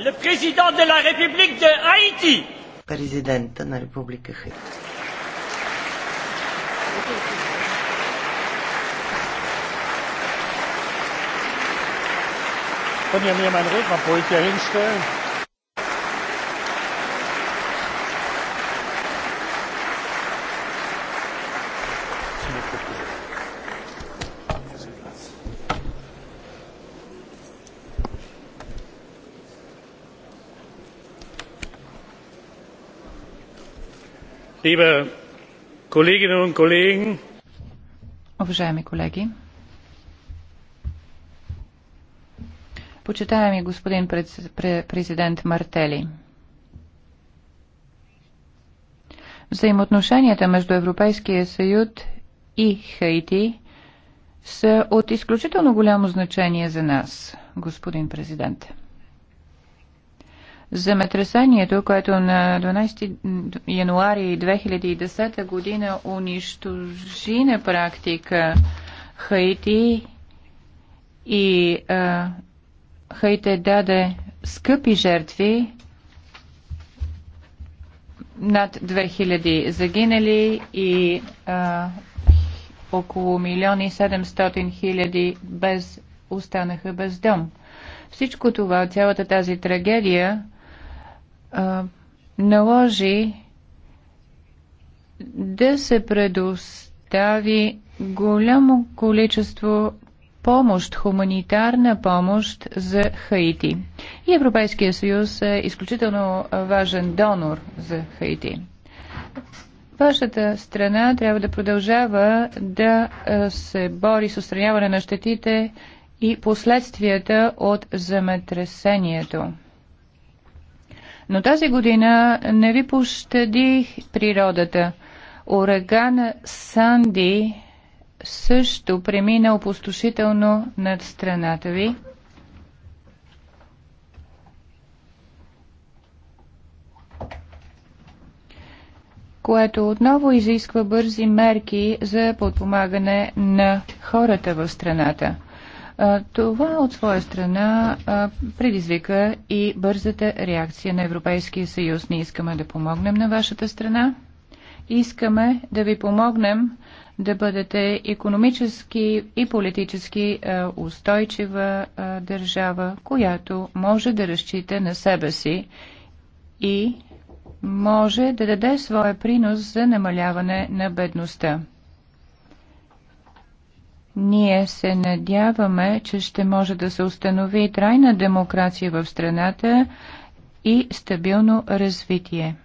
Le président de la République de Haïti. Президента на Република Хаити. Können ja mir mein Rednerpult hier hinstellen? Liebe Kolleginnen und Kollegen, Уважаеми колеги, почитаеми господин президент Мартели, взаимоотношенията между Европейския съюз и Хаити са от изключително голямо значение за нас, господин президент. Земетресението, което на 12 януари 2010 година унищожи на практика Хаити и а, Хаити даде скъпи жертви, над 2000 загинали и а, около 1 700 хиляди без, останаха без дом. Всичко това, цялата тази трагедия, наложи да се предостави голямо количество помощ, хуманитарна помощ за Хаити. И Европейския съюз е изключително важен донор за Хаити. Вашата страна трябва да продължава да се бори с устраняване на щетите и последствията от земетресението. Но тази година не ви пощади природата. Ураган Санди също премина опустошително над страната ви. което отново изисква бързи мерки за подпомагане на хората в страната. Това от своя страна предизвика и бързата реакция на Европейския съюз. Ние искаме да помогнем на вашата страна. Искаме да ви помогнем да бъдете економически и политически устойчива държава, която може да разчита на себе си и може да даде своя принос за намаляване на бедността. Ние се надяваме, че ще може да се установи трайна демокрация в страната и стабилно развитие.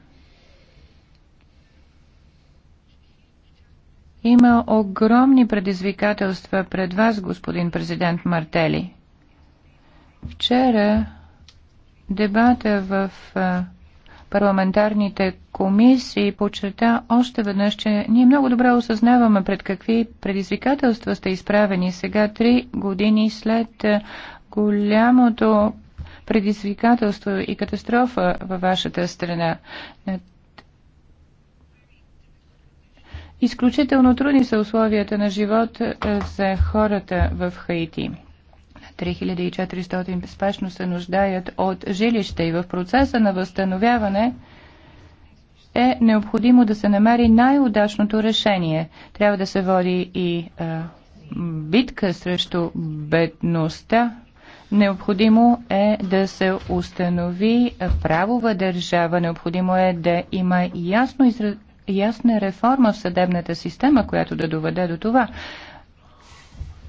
Има огромни предизвикателства пред вас, господин президент Мартели. Вчера дебата в парламентарните комисии подчерта още веднъж, че ние много добре осъзнаваме пред какви предизвикателства сте изправени сега, три години след е, голямото предизвикателство и катастрофа във вашата страна. Е, изключително трудни са условията на живот е, за хората в Хаити. 3400 спешно се нуждаят от жилище и в процеса на възстановяване е необходимо да се намери най-удачното решение. Трябва да се води и а, битка срещу бедността. Необходимо е да се установи правова държава. Необходимо е да има ясно изра... ясна реформа в съдебната система, която да доведе до това.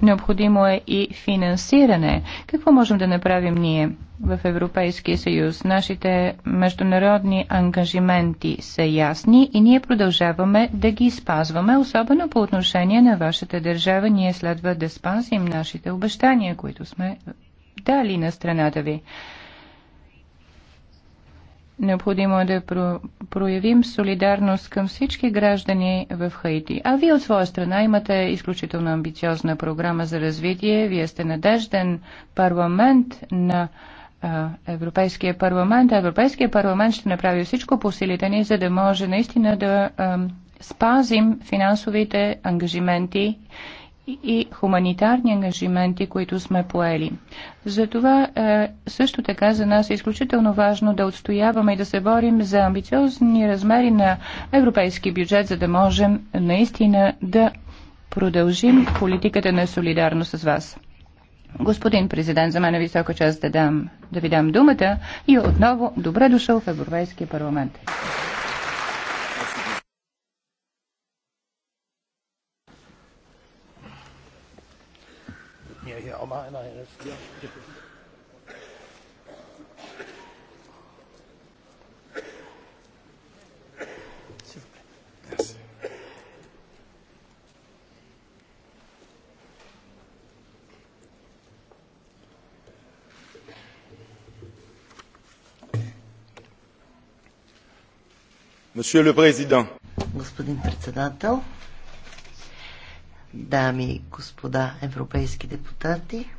Необходимо е и финансиране. Какво можем да направим ние в Европейския съюз? Нашите международни ангажименти са ясни и ние продължаваме да ги спазваме, особено по отношение на вашата държава. Ние следва да спазим нашите обещания, които сме дали на страната ви. Необходимо е да про- проявим солидарност към всички граждани в Хаити. А вие от своя страна имате изключително амбициозна програма за развитие. Вие сте надежден парламент на а, Европейския парламент. А Европейския парламент ще направи всичко по силите ни, за да може наистина да а, спазим финансовите ангажименти и хуманитарни ангажименти, които сме поели. Затова е, също така за нас е изключително важно да отстояваме и да се борим за амбициозни размери на европейски бюджет, за да можем наистина да продължим политиката на солидарност с вас. Господин президент, за мен е висока част да, дам, да ви дам думата и отново добре дошъл в Европейския парламент. auch mal einer hilft. Господин председател, дами и господа европейски депутати.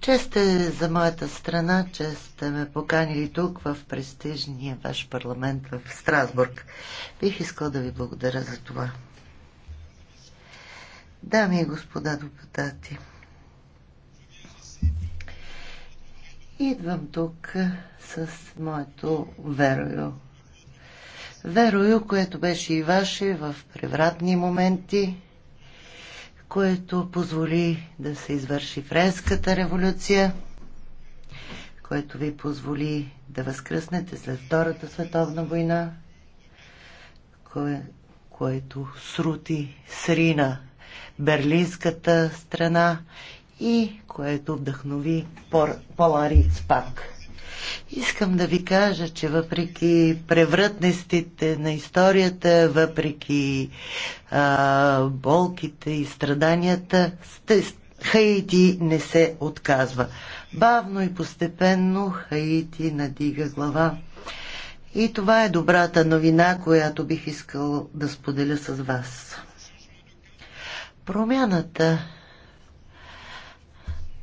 Чест е за моята страна, че сте ме поканили тук в престижния ваш парламент в Страсбург. Бих искал да ви благодаря за това. Дами и господа депутати, идвам тук с моето верою Верою, което беше и ваше в превратни моменти, което позволи да се извърши френската революция, което ви позволи да възкръснете след Втората световна война, кое, което срути срина берлинската страна и което вдъхнови Полари Спак. Искам да ви кажа, че въпреки превратностите на историята, въпреки а, болките и страданията, Хаити не се отказва. Бавно и постепенно Хаити надига глава. И това е добрата новина, която бих искал да споделя с вас. Промяната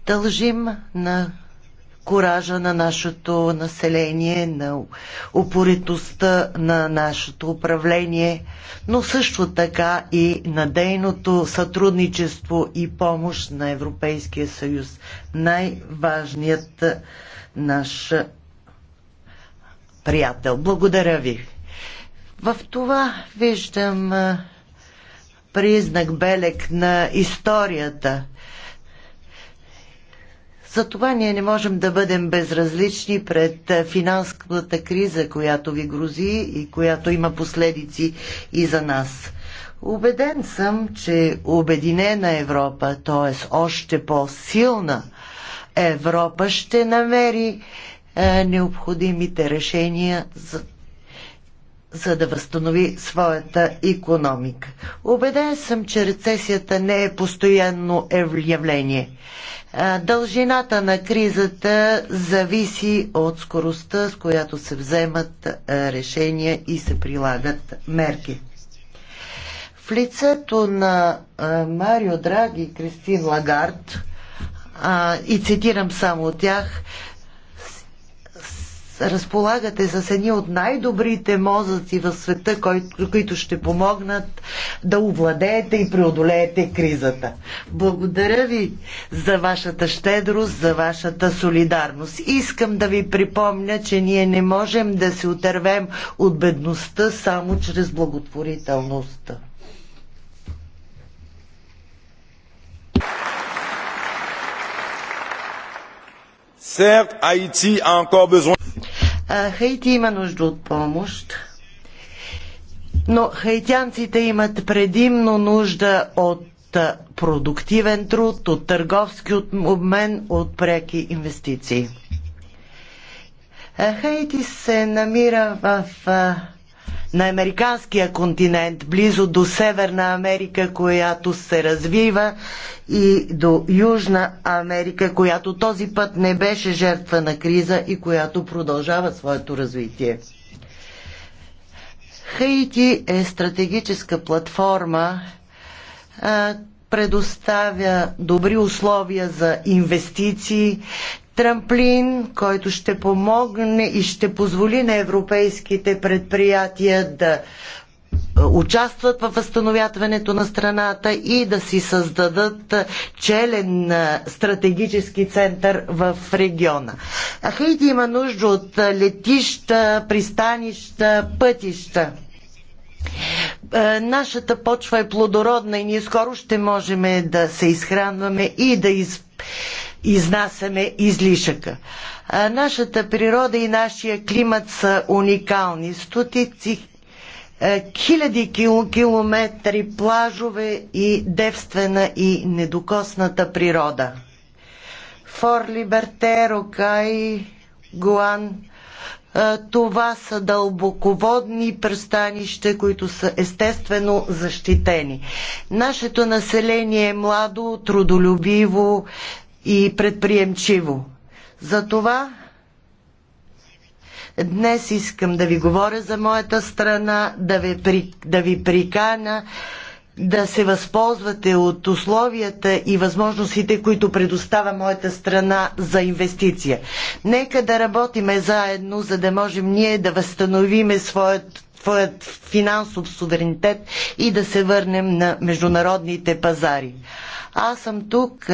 дължим на коража на нашето население, на упоритостта на нашето управление, но също така и на дейното сътрудничество и помощ на Европейския съюз. Най-важният е, наш е, приятел. Благодаря ви. В това виждам е, признак белек на историята – затова ние не можем да бъдем безразлични пред е, финансовата криза, която ви грози и която има последици и за нас. Обеден съм, че обединена Европа, т.е. още по-силна Европа, ще намери е, необходимите решения за за да възстанови своята економика. Обеден съм, че рецесията не е постоянно явление. Дължината на кризата зависи от скоростта, с която се вземат решения и се прилагат мерки. В лицето на Марио Драги и Кристин Лагард, и цитирам само тях, разполагате с едни от най-добрите мозъци в света, които ще помогнат да овладеете и преодолеете кризата. Благодаря ви за вашата щедрост, за вашата солидарност. Искам да ви припомня, че ние не можем да се отървем от бедността само чрез благотворителността. Certes, Haïti a encore besoin. Хаити има нужда от помощ, но хаитянците имат предимно нужда от продуктивен труд, от търговски обмен, от преки инвестиции. Хаити се намира в на американския континент, близо до Северна Америка, която се развива, и до Южна Америка, която този път не беше жертва на криза и която продължава своето развитие. Хаити е стратегическа платформа, предоставя добри условия за инвестиции, трамплин, който ще помогне и ще позволи на европейските предприятия да е, участват във възстановяването на страната и да си създадат е, челен е, стратегически център в региона. Хаити има нужда от летища, пристанища, пътища. Нашата почва е плодородна и ние скоро ще можем да се изхранваме и да изпълняваме изнасяме излишъка. А, нашата природа и нашия климат са уникални. Стотици е, хиляди километри плажове и девствена и недокосната природа. Фор Либерте, Рокай, Гуан, е, това са дълбоководни пръстанища, които са естествено защитени. Нашето население е младо, трудолюбиво, и предприемчиво. Затова днес искам да ви говоря за моята страна, да ви, да ви прикана да се възползвате от условията и възможностите, които предоставя моята страна за инвестиция. Нека да работиме заедно, за да можем ние да възстановиме своят своят финансов суверенитет и да се върнем на международните пазари. Аз съм тук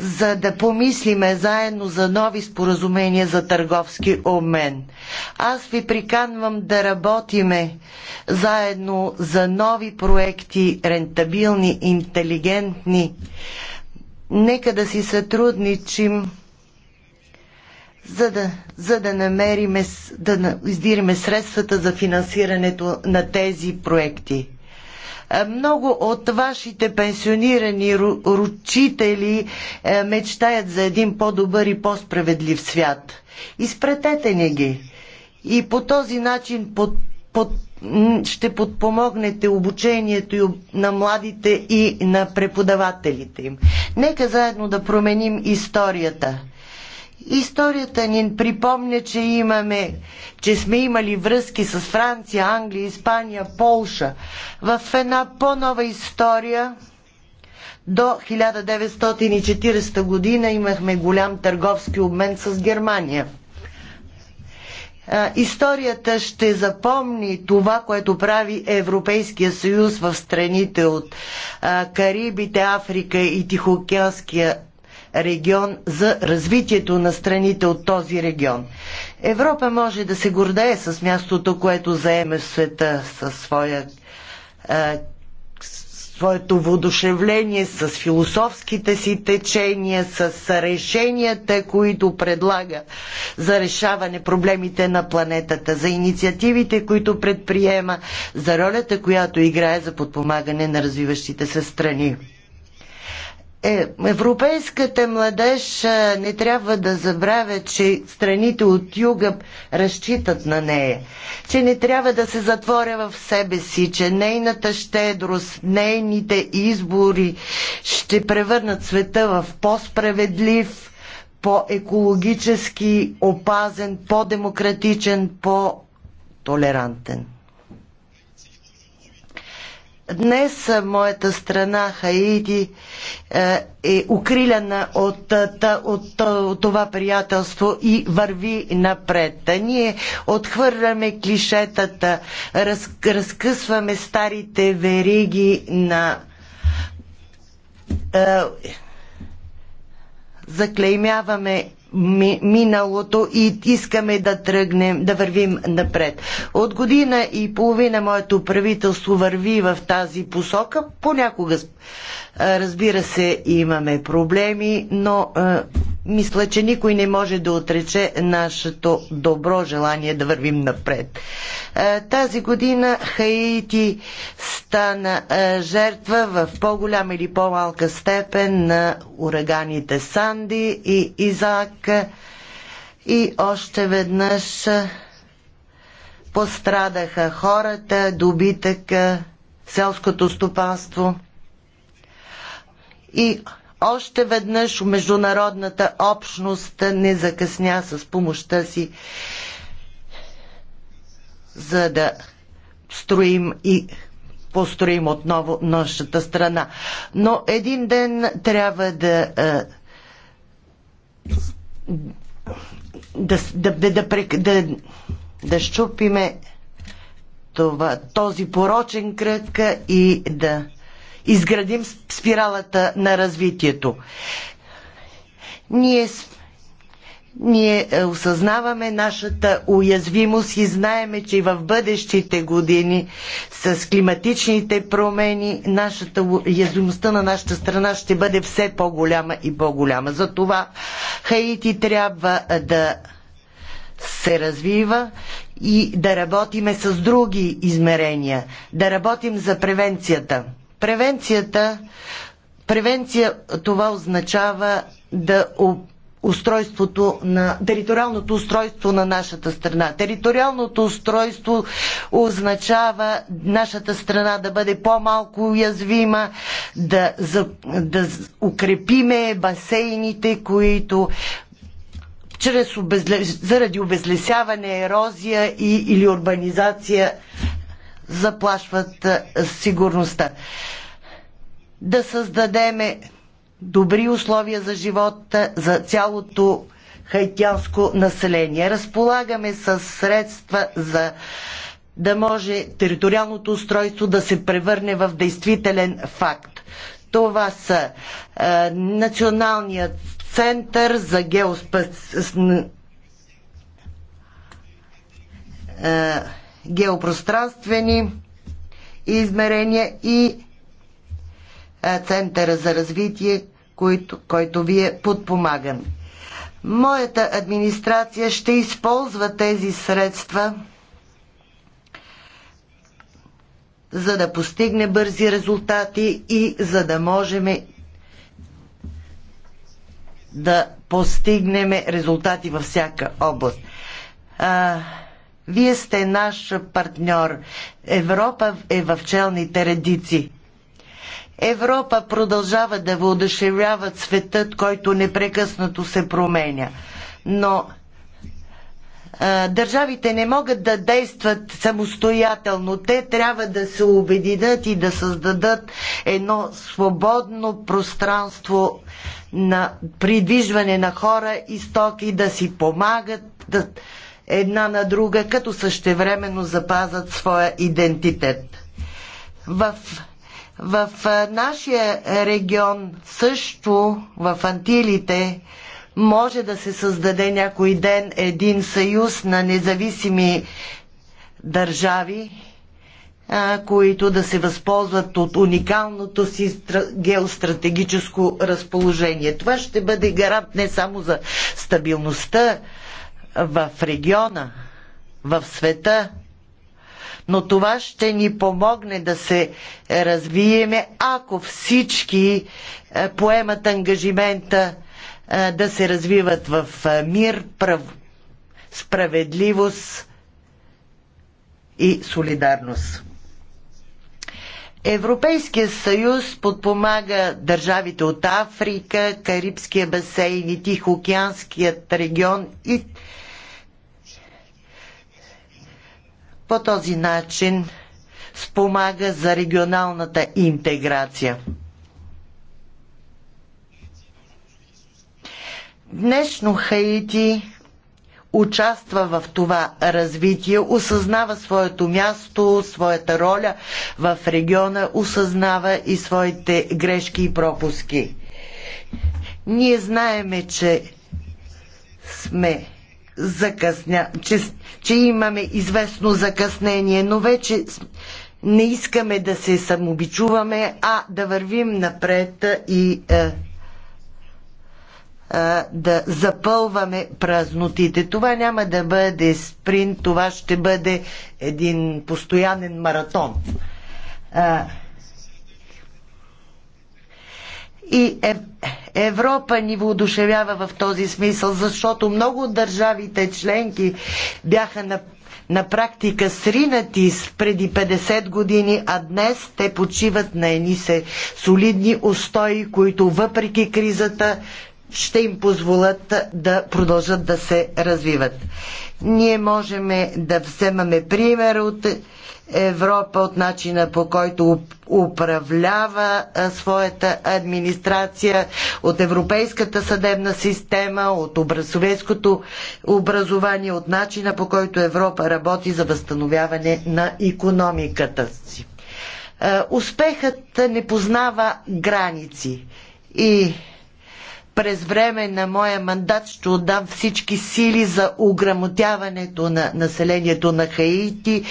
за да помислиме заедно за нови споразумения за търговски обмен. Аз ви приканвам да работиме заедно за нови проекти, рентабилни, интелигентни. Нека да си сътрудничим за да, за да намериме, да издириме средствата за финансирането на тези проекти. Много от вашите пенсионирани ручители е, мечтаят за един по-добър и по-справедлив свят. Изпретете ни ги. И по този начин под, под, ще подпомогнете обучението на младите и на преподавателите им. Нека заедно да променим историята. Историята ни припомня, че имаме, че сме имали връзки с Франция, Англия, Испания, Полша. В една по-нова история до 1940 година имахме голям търговски обмен с Германия. Историята ще запомни това, което прави Европейския съюз в страните от Карибите, Африка и Тихоокеанския регион за развитието на страните от този регион. Европа може да се гордее с мястото, което заеме в света със своя а, е, своето воодушевление, с философските си течения, с решенията, които предлага за решаване проблемите на планетата, за инициативите, които предприема, за ролята, която играе за подпомагане на развиващите се страни. Е, европейската младеж не трябва да забравя, че страните от юга разчитат на нея, че не трябва да се затворя в себе си, че нейната щедрост, нейните избори ще превърнат света в по-справедлив, по-екологически опазен, по-демократичен, по-толерантен. Днес моята страна Хаиди е укрилена от, от, от това приятелство и върви напред. Ние отхвърляме клишетата, раз, разкъсваме старите вериги на заклеймяваме ми, миналото и искаме да тръгнем, да вървим напред. От година и половина моето правителство върви в тази посока, понякога с Разбира се, имаме проблеми, но мисля, че никой не може да отрече нашето добро желание да вървим напред. Тази година Хаити стана жертва в по-голяма или по-малка степен на ураганите Санди и Изак и още веднъж пострадаха хората, добитъка, селското стопанство – и още веднъж международната общност не закъсня с помощта си, за да строим и построим отново нашата страна. Но един ден трябва да да, да, да, да, да, да щупиме това, този порочен кръг и да изградим спиралата на развитието. Ние ние е, осъзнаваме нашата уязвимост и знаеме, че в бъдещите години с климатичните промени нашата уязвимостта на нашата страна ще бъде все по-голяма и по-голяма. Затова Хаити трябва е, да се развива и да работиме с други измерения, да работим за превенцията. Превенцията, превенция това означава да устройството на териториалното устройство на нашата страна. Териториалното устройство означава нашата страна да бъде по-малко уязвима, да, за, да укрепиме басейните, които чрез обезле... заради обезлесяване, ерозия и, или урбанизация заплашват сигурността. Да създадеме добри условия за живот за цялото хайтянско население. Разполагаме с средства за да може териториалното устройство да се превърне в действителен факт. Това са е, Националният център за геоспас... Е, геопространствени измерения и Центъра за развитие, който, който ви е подпомаган. Моята администрация ще използва тези средства за да постигне бързи резултати и за да можем да постигнем резултати във всяка област. Вие сте наш партньор. Европа е в челните редици. Европа продължава да въодушевява светът, който непрекъснато се променя. Но а, държавите не могат да действат самостоятелно. Те трябва да се обединят и да създадат едно свободно пространство на придвижване на хора и стоки, да си помагат, да, една на друга, като същевременно запазат своя идентитет. В, в нашия регион също, в Антилите, може да се създаде някой ден един съюз на независими държави, които да се възползват от уникалното си геостратегическо разположение. Това ще бъде гарант не само за стабилността в региона, в света, но това ще ни помогне да се развиеме, ако всички е, поемат ангажимента е, да се развиват в е, мир, прав... справедливост и солидарност. Европейския съюз подпомага държавите от Африка, Карибския басейн и Тихоокеанският регион и по този начин спомага за регионалната интеграция. Днешно Хаити участва в това развитие, осъзнава своето място, своята роля в региона, осъзнава и своите грешки и пропуски. Ние знаеме, че сме закъсня, че, че имаме известно закъснение, но вече не искаме да се самобичуваме, а да вървим напред и е, е, да запълваме празнотите. Това няма да бъде спринт, това ще бъде един постоянен маратон. Е, И Европа ни воодушевява в този смисъл, защото много държавите членки бяха на, на практика сринати преди 50 години, а днес те почиват на едни се солидни устои, които въпреки кризата ще им позволят да продължат да се развиват. Ние можем да вземаме пример от Европа, от начина по който управлява своята администрация, от европейската съдебна система, от образовейското образование, от начина по който Европа работи за възстановяване на економиката си. Успехът не познава граници и през време на моя мандат ще отдам всички сили за ограмотяването на населението на Хаити,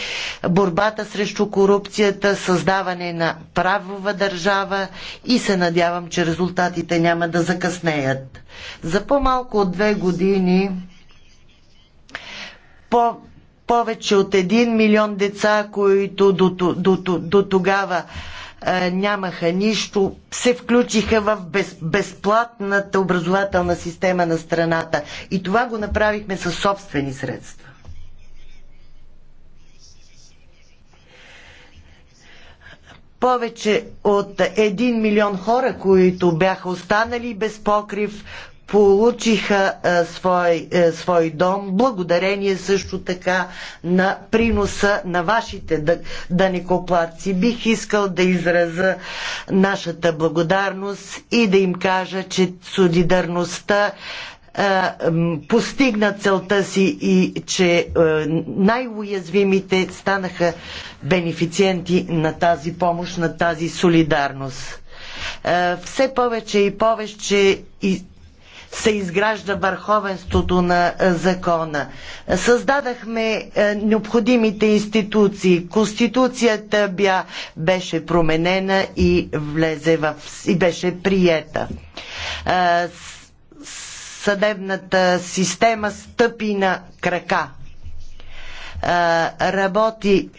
борбата срещу корупцията, създаване на правова държава и се надявам, че резултатите няма да закъснеят. За по-малко от две години по повече от 1 милион деца, които до, до, до, до тогава е, нямаха нищо, се включиха в без, безплатната образователна система на страната. И това го направихме със собствени средства. Повече от 1 милион хора, които бяха останали без покрив, получиха а, е, свой, а, е, свой дом, благодарение също така на приноса на вашите данекоплаци. Бих искал да израза нашата благодарност и да им кажа, че солидарността е, постигна целта си и че най-уязвимите станаха бенефициенти на тази помощ, на тази солидарност. Все повече и повече се изгражда върховенството на е, закона. Създадахме е, необходимите институции. Конституцията бя, беше променена и влезе в, и беше приета е, съдебната система стъпи на крака. работи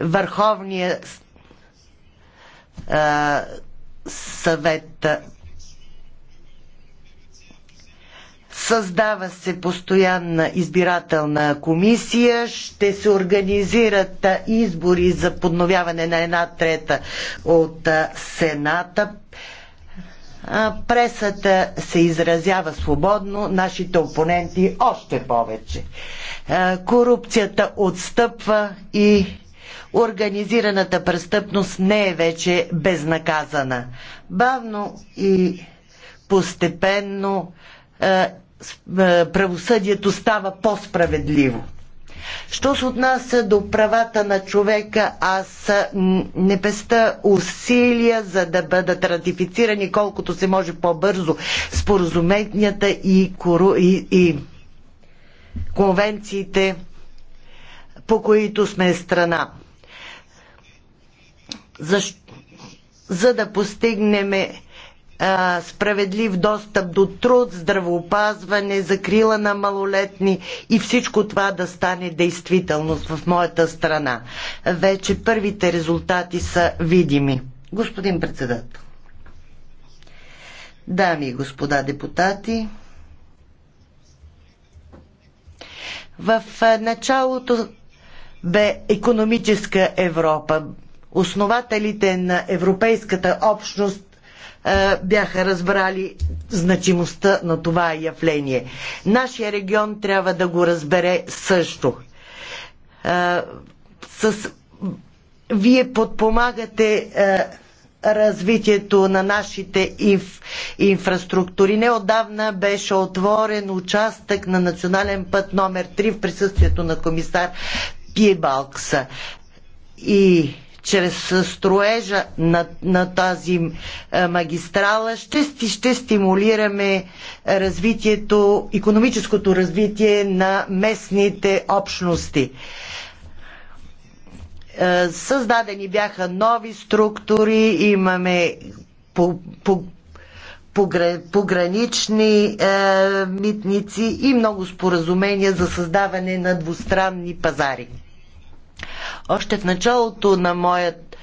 върховния съвет Създава се постоянна избирателна комисия, ще се организират избори за подновяване на една трета от Сената. Пресата се изразява свободно, нашите опоненти още повече. Корупцията отстъпва и организираната престъпност не е вече безнаказана. Бавно и постепенно правосъдието става по-справедливо. Що се отнася до правата на човека, аз не песта усилия за да бъдат ратифицирани колкото се може по-бързо споразуменията и, кору... и, и конвенциите, по които сме страна. Защо? За да постигнем справедлив достъп до труд, здравоопазване, закрила на малолетни и всичко това да стане действителност в моята страна. Вече първите резултати са видими. Господин председател, дами и господа депутати, в началото бе економическа Европа. Основателите на Европейската общност е, бяха разбрали значимостта на това явление. Нашия регион трябва да го разбере също. Е, с... Вие подпомагате е, развитието на нашите инф... инфраструктури. Неодавна беше отворен участък на национален път номер 3 в присъствието на комисар Пибалкса. И чрез строежа на, на тази е, магистрала ще, ще стимулираме развитието, економическото развитие на местните общности е, създадени бяха нови структури, имаме по, по, по, погранични е, митници и много споразумения за създаване на двустранни пазари. Още в началото на моят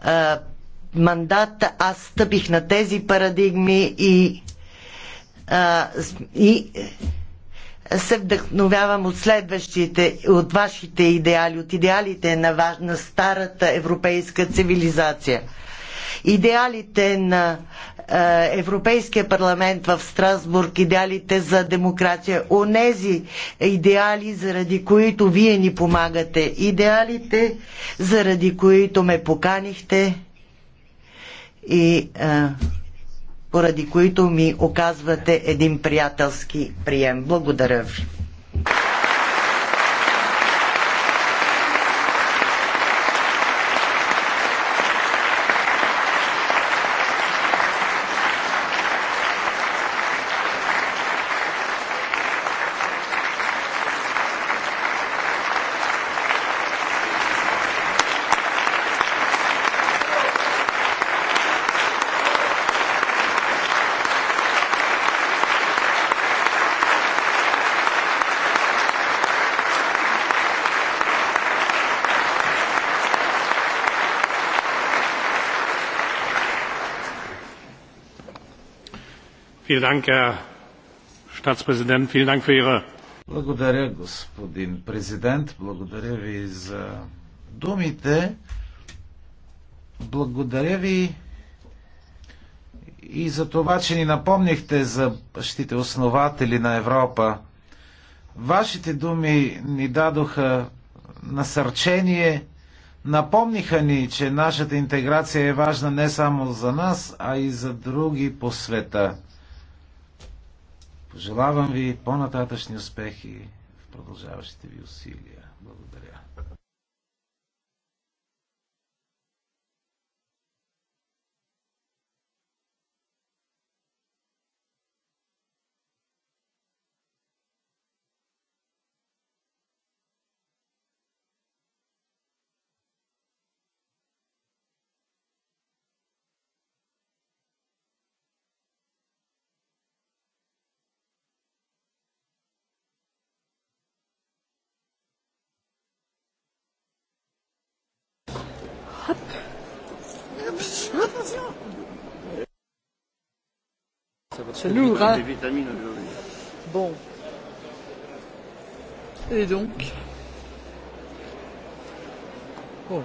а, мандат аз стъпих на тези парадигми и, а, и се вдъхновявам от следващите, от вашите идеали, от идеалите на, на старата европейска цивилизация идеалите на е, Европейския парламент в Страсбург, идеалите за демокрация, онези идеали, заради които вие ни помагате, идеалите, заради които ме поканихте и а, е, поради които ми оказвате един приятелски прием. Благодаря ви. Благодаря, господин президент. Благодаря ви за думите. Благодаря ви и за това, че ни напомнихте за бащите основатели на Европа. Вашите думи ни дадоха насърчение, напомниха ни, че нашата интеграция е важна не само за нас, а и за други по света. Пожелавам ви по-нататъчни успехи в продължаващите ви усилия. Благодаря. Attention C'est lourd, hein Des vitamines Bon. Et donc Oh.